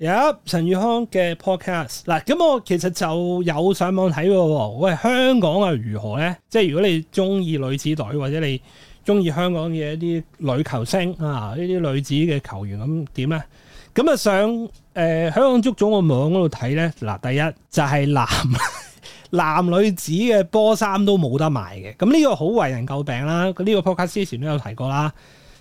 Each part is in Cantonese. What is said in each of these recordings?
有、yep, 陳宇康嘅 podcast 嗱，咁我其實就有上網睇過喎。喂，香港啊如何咧？即係如果你中意女子隊或者你中意香港嘅一啲女球星啊，呢啲女子嘅球員咁點咧？咁啊上誒香港足總嘅網嗰度睇咧，嗱，第一就係、是、男男女子嘅波衫都冇得賣嘅。咁呢個好為人詬病啦。呢、這個 podcast 之前都有提過啦，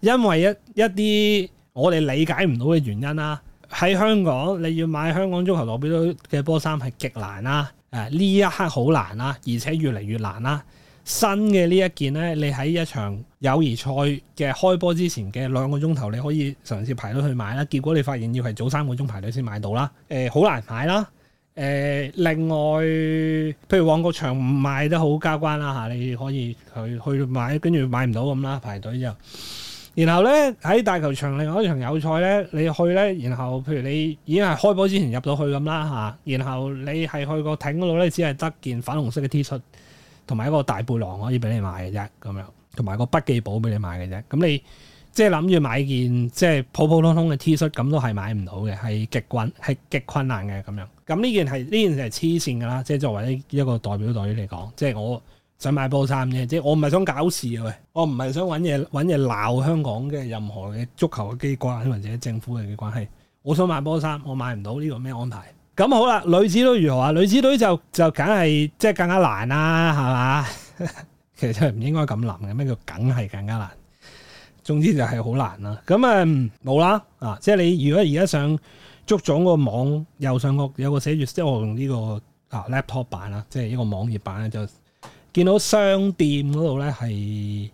因為一一啲我哋理解唔到嘅原因啦。喺香港你要買香港足球代表隊嘅波衫係極難啦、啊，誒呢一刻好難啦、啊，而且越嚟越難啦、啊。新嘅呢一件呢，你喺一場友誼賽嘅開波之前嘅兩個鐘頭，你可以嘗試排隊去買啦。結果你發現要係早三個鐘排隊先買到啦，誒、欸、好難買啦、啊欸。另外，譬如旺角場賣得好交關啦、啊、你可以去去買，跟住買唔到咁啦，排隊就。然後呢，喺大球場另外一場友賽呢，你去呢。然後譬如你已經係開波之前入到去咁啦嚇，然後你係去個艇嗰度呢，只係得件粉紅色嘅 T 恤同埋一個大背囊可以俾你買嘅啫，咁樣同埋個筆記簿俾你買嘅啫。咁你即係諗住買件即係普普通通嘅 T 恤，咁都係買唔到嘅，係極困係極困難嘅咁樣。咁呢件係呢件事係黐線㗎啦，即係作為一個代表隊嚟講，即係我。想買波衫嘅，即係我唔係想搞事嘅，我唔係想揾嘢揾嘢鬧香港嘅任何嘅足球嘅機關或者政府嘅關係。我想買波衫，我買唔到呢個咩安排？咁好啦，女子都如何啊？女子隊就就梗係即係更加難啦，係嘛？ 其實真係唔應該咁諗嘅。咩叫梗係更加難？總之就係好難啦、啊。咁啊冇啦啊！即係你如果而家上足總個網右上角有個寫住，即係我用呢個啊 laptop 版啦，即係呢個網頁版就。見到商店嗰度咧，係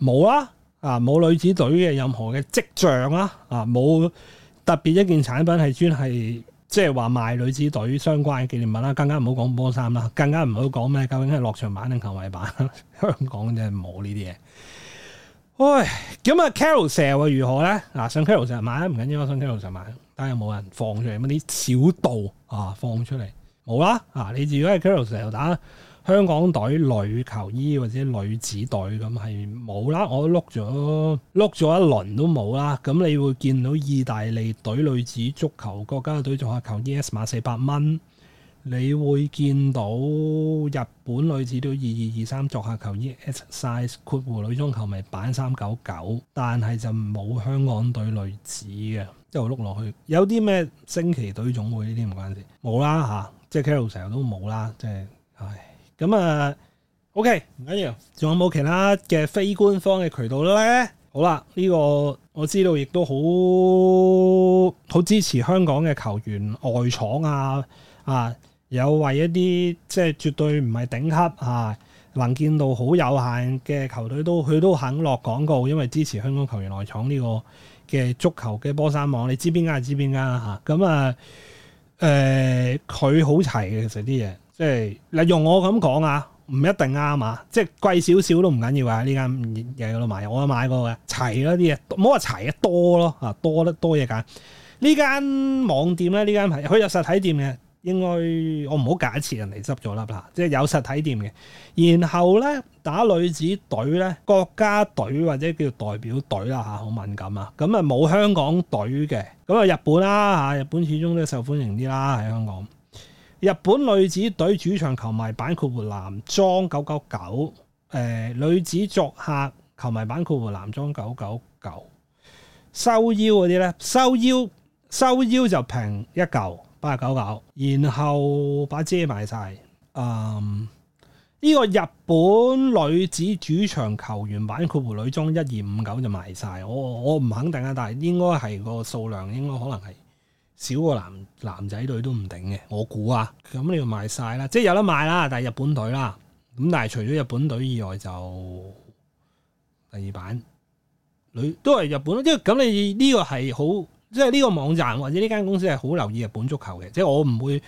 冇啦，啊冇女子隊嘅任何嘅跡象啦、啊，啊冇特別一件產品係專係即係話賣女子隊相關嘅紀念物啦、啊，更加唔好講波衫啦，更加唔好講咩，究竟係落場版定球迷版？香港真係冇呢啲嘢。喂，咁啊 Carousell 會如何咧？嗱，上 Carousell 買唔緊要，上 Carousell 買，但係又冇人放出嚟，咁啲小道啊放出嚟冇啦。啊，你自己係 Carousell 打？香港隊女球衣或者女子隊咁係冇啦，我碌咗碌咗一輪都冇啦。咁你會見到意大利隊女子足球國家隊作客球衣 s 碼四百蚊，你會見到日本女子都二二二三作客球衣 s size 括弧女中球迷版三九九，但係就冇香港隊女子嘅，即係碌落去有啲咩升旗隊總會呢啲唔關事，冇啦吓，即係 Karl 成日都冇啦，即係唉。咁啊、嗯，OK，唔緊要，仲有冇其他嘅非官方嘅渠道咧？好啦，呢、這個我知道亦都好好支持香港嘅球員外闖啊！啊，有為一啲即係絕對唔係頂級啊，啊，能見到好有限嘅球隊都佢都肯落廣告，因為支持香港球員外闖呢個嘅足球嘅波衫網，你知邊間就知邊間啦吓。咁啊，誒、啊，佢好齊嘅其實啲嘢。即係嗱，用我咁講啊，唔一定啱啊！即貴點點係貴少少都唔緊要啊！呢間嘢嗰度買，我買過嘅齊嗰啲嘢，唔好話齊得多咯，多得多嘢揀。呢間網店咧，呢間係佢有實體店嘅，應該我唔好假設，人哋執咗粒啦。即係有實體店嘅，然後咧打女子隊咧，國家隊或者叫代表隊啦吓，好敏感啊！咁啊冇香港隊嘅，咁啊日本啦吓，日本始終都受歡迎啲啦喺香港。日本女子隊主場球迷版括弧男裝九九九，誒女子作客球迷版括弧男裝九九九，收腰嗰啲咧收腰收腰就平一嚿八十九九，然後把遮賣晒。嗯，呢、呢個日本女子主場球員版括弧女裝一二五九就賣晒。我我唔肯定啊，但係應該係個數量應該可能係。少個男男仔隊都唔頂嘅，我估啊，咁你要賣晒啦，即係有得賣啦，但係日本隊啦，咁但係除咗日本隊以外就第二版女都係日本即係咁你呢個係好，即係呢個，個網站或者呢間公司係好留意日本足球嘅，即係我唔會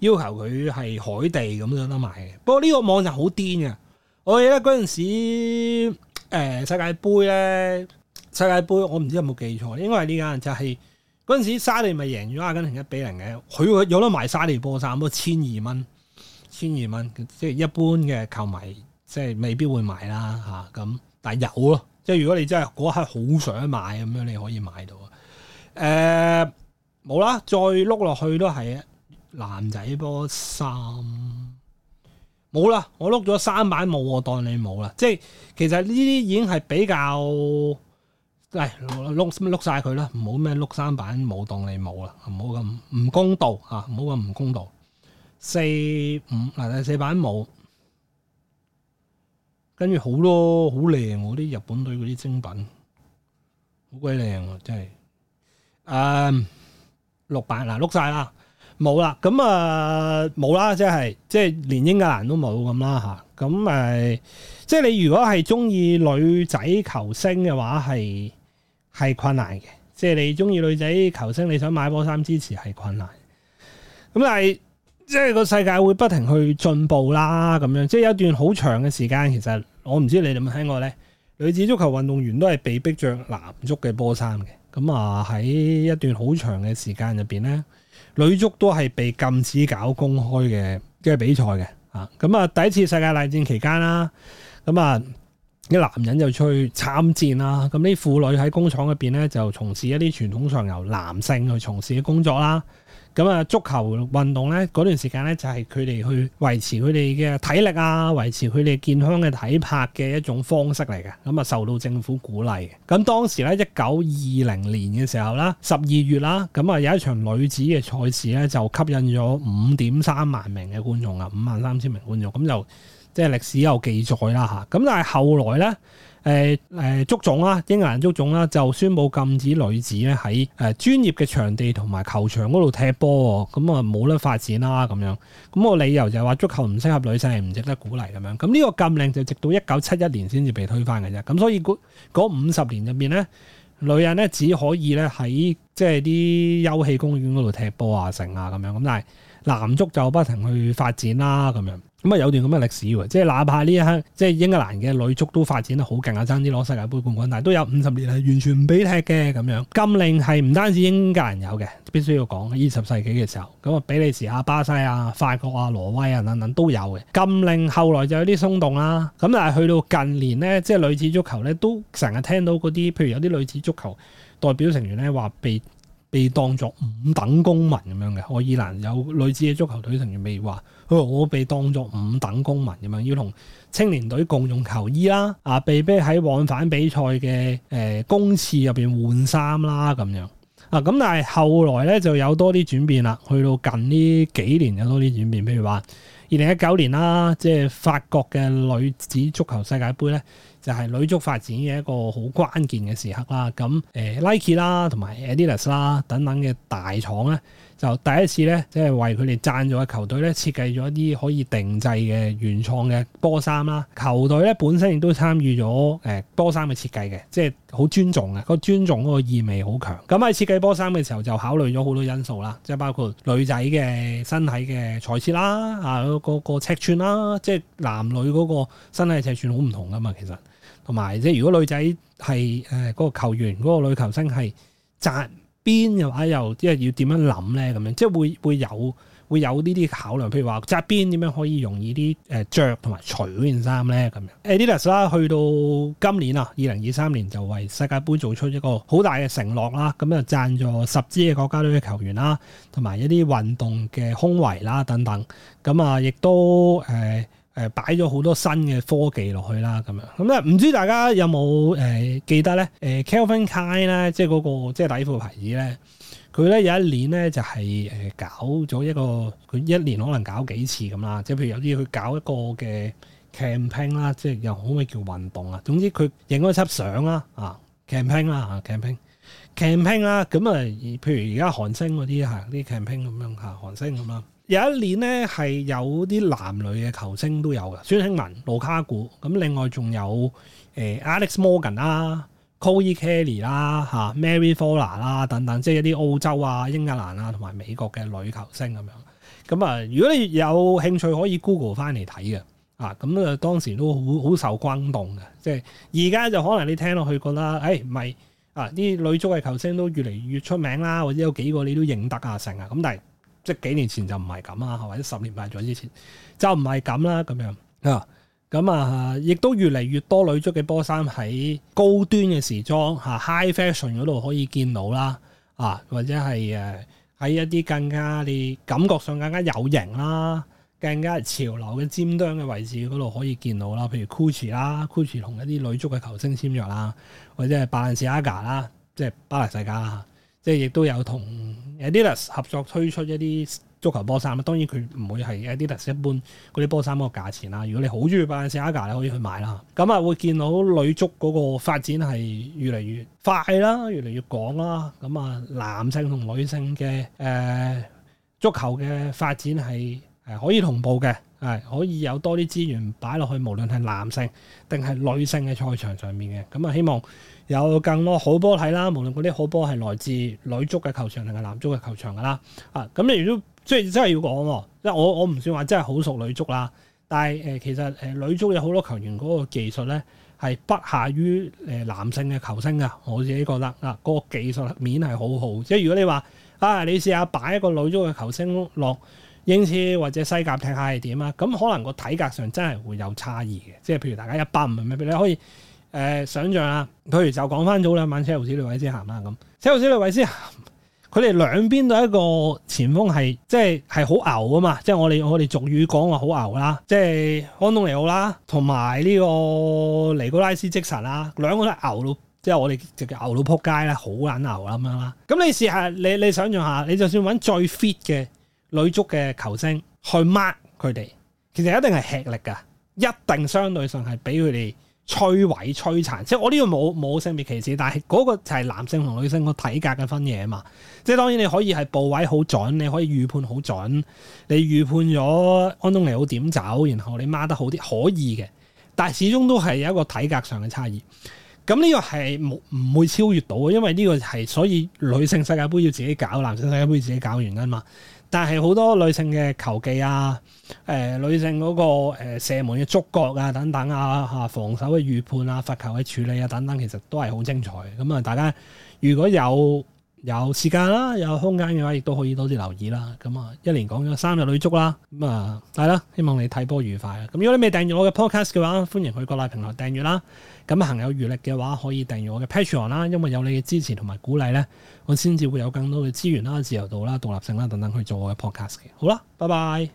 要求佢係海地咁樣得賣嘅。不過呢個網站好癲嘅，我記得嗰陣時誒世界盃咧，世界盃，呢世界盃我唔知有冇記錯，應該係呢間就係、是。嗰陣時沙地咪贏咗阿根廷一比零嘅，佢有得賣沙地波衫都千二蚊，千二蚊即係一般嘅球迷即係未必會買啦嚇，咁、啊、但係有咯，即係如果你真係嗰刻好想買咁樣，你可以買到誒冇啦，再碌落去都係男仔波衫，冇啦，我碌咗三版冇，我當你冇啦，即係其實呢啲已經係比較。嚟碌碌佢啦，唔好咩碌三版冇當你冇啦，唔好咁唔公道嚇，唔好咁唔公道。四五嗱、啊、四版冇，跟住好多好靚喎、啊，啲日本隊嗰啲精品，好鬼靚喎、啊、真係。嗯、啊，六版，嗱碌晒啦，冇啦，咁啊冇啦，即係即係連英格蘭都冇咁啦，咁，誒，即係你如果係中意女仔球星嘅話係。係困難嘅，即係你中意女仔球星，你想買波衫支持係困難的。咁但係即係個世界會不停去進步啦，咁樣即係有一段好長嘅時間。其實我唔知你哋有冇聽過呢？女子足球運動員都係被逼着男足嘅波衫嘅。咁啊喺一段好長嘅時間入邊呢，女足都係被禁止搞公開嘅即係比賽嘅。啊，咁啊第一次世界大戰期間啦，咁啊。啲男人就出去參戰啦，咁啲婦女喺工廠入邊咧就從事一啲傳統上由男性去從事嘅工作啦。咁啊，足球運動咧嗰段時間咧就係佢哋去維持佢哋嘅體力啊，維持佢哋健康嘅體魄嘅一種方式嚟嘅。咁啊，受到政府鼓勵。咁當時咧一九二零年嘅時候啦，十二月啦，咁啊有一場女子嘅賽事咧就吸引咗五點三萬名嘅觀眾啊，五萬三千名觀眾咁就。即係歷史有記載啦吓，咁但係後來咧，誒誒足總啦，英格蘭足總啦，就宣佈禁止女子咧喺誒專業嘅場地同埋球場嗰度踢波，咁啊冇得發展啦咁樣。咁個理由就係話足球唔適合女仔，係唔值得鼓勵咁樣。咁呢個禁令就直到一九七一年先至被推翻嘅啫。咁所以嗰五十年入面咧，女人咧只可以咧喺即係啲休憩公園嗰度踢波啊、成啊咁樣。咁但係男足就不停去發展啦咁樣。咁啊、嗯、有段咁嘅歷史喎，即係哪怕呢一刻即係英格蘭嘅女足都發展得好勁啊，爭啲攞世界盃冠軍，但係都有五十年係完全唔俾踢嘅咁樣。禁令係唔單止英格蘭有嘅，必須要講二十世紀嘅時候，咁啊比利時啊、巴西啊、法國啊、挪威啊等等都有嘅。禁令後來就有啲鬆動啦，咁但係去到近年呢，即係女子足球呢，都成日聽到嗰啲，譬如有啲女子足球代表成員呢話被。被當作五等公民咁樣嘅，愛爾蘭有女子嘅足球隊成員，未話話，佢我被當作五等公民咁樣，要同青年隊共用球衣啦，啊，被逼喺往返比賽嘅誒公廁入面換衫啦咁樣，啊，咁但係後來咧就有多啲轉變啦，去到近呢幾年嘅多啲轉變，譬如話二零一九年啦，即係法國嘅女子足球世界盃咧。就係女足發展嘅一個好關鍵嘅時刻啦。咁誒、呃、Nike 啦，同埋 Adidas 啦，等等嘅大廠咧，就第一次咧，即係為佢哋贊助嘅球隊咧，設計咗一啲可以定制嘅原創嘅波衫啦。球隊咧本身亦都參與咗誒波衫嘅設計嘅，即係好尊重嘅，個尊重嗰個意味好強。咁喺設計波衫嘅時候就考慮咗好多因素啦，即係包括女仔嘅身體嘅材質啦，啊嗰個、嗰個尺寸啦，即係男女嗰個身體尺寸好唔同噶嘛，其實。同埋即係如果女仔係誒嗰個球員嗰個女球星係紮辮嘅話，又即係要點樣諗咧咁樣？即係會會有會有呢啲考量，譬如話紮辮點樣可以容易啲誒着同埋除嗰件衫咧咁樣。Adidas 啦，去到今年啊，二零二三年就為世界盃做出一個好大嘅承諾啦，咁就贊助十支嘅國家隊嘅球員啦，同埋一啲運動嘅胸圍啦等等，咁啊亦都誒。呃誒擺咗好多新嘅科技落去啦，咁樣咁咧，唔知大家有冇誒記得咧？誒、欸、Calvin Klein 咧，即係嗰個即係底褲牌子咧，佢咧有一年咧就係搞咗一個，佢一年可能搞幾次咁啦。即係譬如有啲佢搞一個嘅 campaign 啦，即係又可唔可以叫運動啊？總之佢影咗一輯相啦，啊 campaign 啦，campaign campaign 啦，咁啊，譬如而家韓星嗰啲嚇，啲 campaign 咁樣嚇，韓星咁樣。有一年咧，係有啲男女嘅球星都有嘅，孫興文、盧卡古，咁另外仲有、呃、Alex Morgan 啦、Chloe Kelly 啦、啊、Mary Fowler 啦、啊、等等，即係一啲澳洲啊、英格蘭啊同埋美國嘅女球星咁樣咁啊，如果你有興趣，可以 Google 翻嚟睇嘅。啊，咁啊當時都好好受轟動嘅，即係而家就可能你聽落去覺得，誒唔係啊啲女足嘅球星都越嚟越出名啦，或者有幾個你都認得啊成啊咁，但係。即係幾年前就唔係咁啊，或者十年八載之前就唔係咁啦，咁樣啊，咁啊，亦都越嚟越多女足嘅波衫喺高端嘅時裝嚇、啊、high fashion 嗰度可以見到啦，啊，或者係誒喺一啲更加你感覺上更加有型啦、更加潮流嘅尖端嘅位置嗰度可以見到啦，譬如 Gucci 啦、啊，Gucci 同一啲女足嘅球星簽約啦、啊，或者係 Balenciaga 啦，即係巴黎世家。即係亦都有同 Adidas 合作推出一啲足球波衫啦，當然佢唔會係 Adidas 一般嗰啲波衫嗰個價錢啦。如果你好中意巴恩斯阿加，你可以去買啦。咁啊，會見到女足嗰個發展係越嚟越快啦，越嚟越廣啦。咁啊，男性同女性嘅誒足球嘅發展係誒可以同步嘅。係可以有多啲資源擺落去，無論係男性定係女性嘅賽場上面嘅，咁啊，希望有更多好波睇啦。無論嗰啲好波係來自女足嘅球場定係男足嘅球場噶啦。啊，咁你如果即係真係要講，即係我我唔算話真係好熟女足啦，但係誒其實誒女足有好多球員嗰個技術咧係不下於誒男性嘅球星㗎。我自己覺得啊，個技術面係好好。即係如果你話啊，你試下擺一個女足嘅球星落英超或者西甲踢下係點啊？咁可能個體格上真係會有差異嘅，即係譬如大家一百五米，你可以誒、呃、想象啊。譬如就講翻早兩晚，車路士同韋斯咸啦咁。車路士同韋斯咸，佢哋兩邊都一個前鋒係即係係好牛啊嘛！即係我哋我哋俗語講話好牛啦，即係安東尼奧啦，同埋呢個尼古拉斯積臣啦，兩個都係牛到，即係我哋直叫牛到撲街咧，好撚牛咁樣啦。咁你試下，你你想象下，你就算揾最 fit 嘅。女足嘅球星去 mark 佢哋，其實一定係吃力㗎，一定相對上係俾佢哋摧毀摧殘。即係我呢個冇冇性別歧視，但係嗰個就係男性同女性個體格嘅分野嘛。即係當然你可以係部位好準，你可以預判好準，你預判咗安東尼好點走，然後你 mark 得好啲可以嘅，但係始終都係有一個體格上嘅差異。咁呢個係冇唔會超越到嘅，因為呢個係所以女性世界盃要自己搞，男性世界盃要自己搞原因嘛。但係好多女性嘅球技啊，誒、呃、女性嗰個射門嘅觸覺啊等等啊嚇，防守嘅預判啊、罰球嘅處理啊等等，其實都係好精彩嘅。咁啊、嗯，大家如果有有時間啦，有空間嘅話，亦都可以多啲留意啦。咁、嗯、啊，一年講咗三日女足啦。咁、嗯、啊，係啦，希望你睇波愉快。咁、嗯、如果你未訂閱我嘅 podcast 嘅話，歡迎去各大平台訂閱啦。咁、嗯、行有餘力嘅話，可以訂閱我嘅 Patreon 啦。因為有你嘅支持同埋鼓勵呢，我先至會有更多嘅資源啦、自由度啦、獨立性啦等等，去做我嘅 podcast 嘅。好啦，拜拜。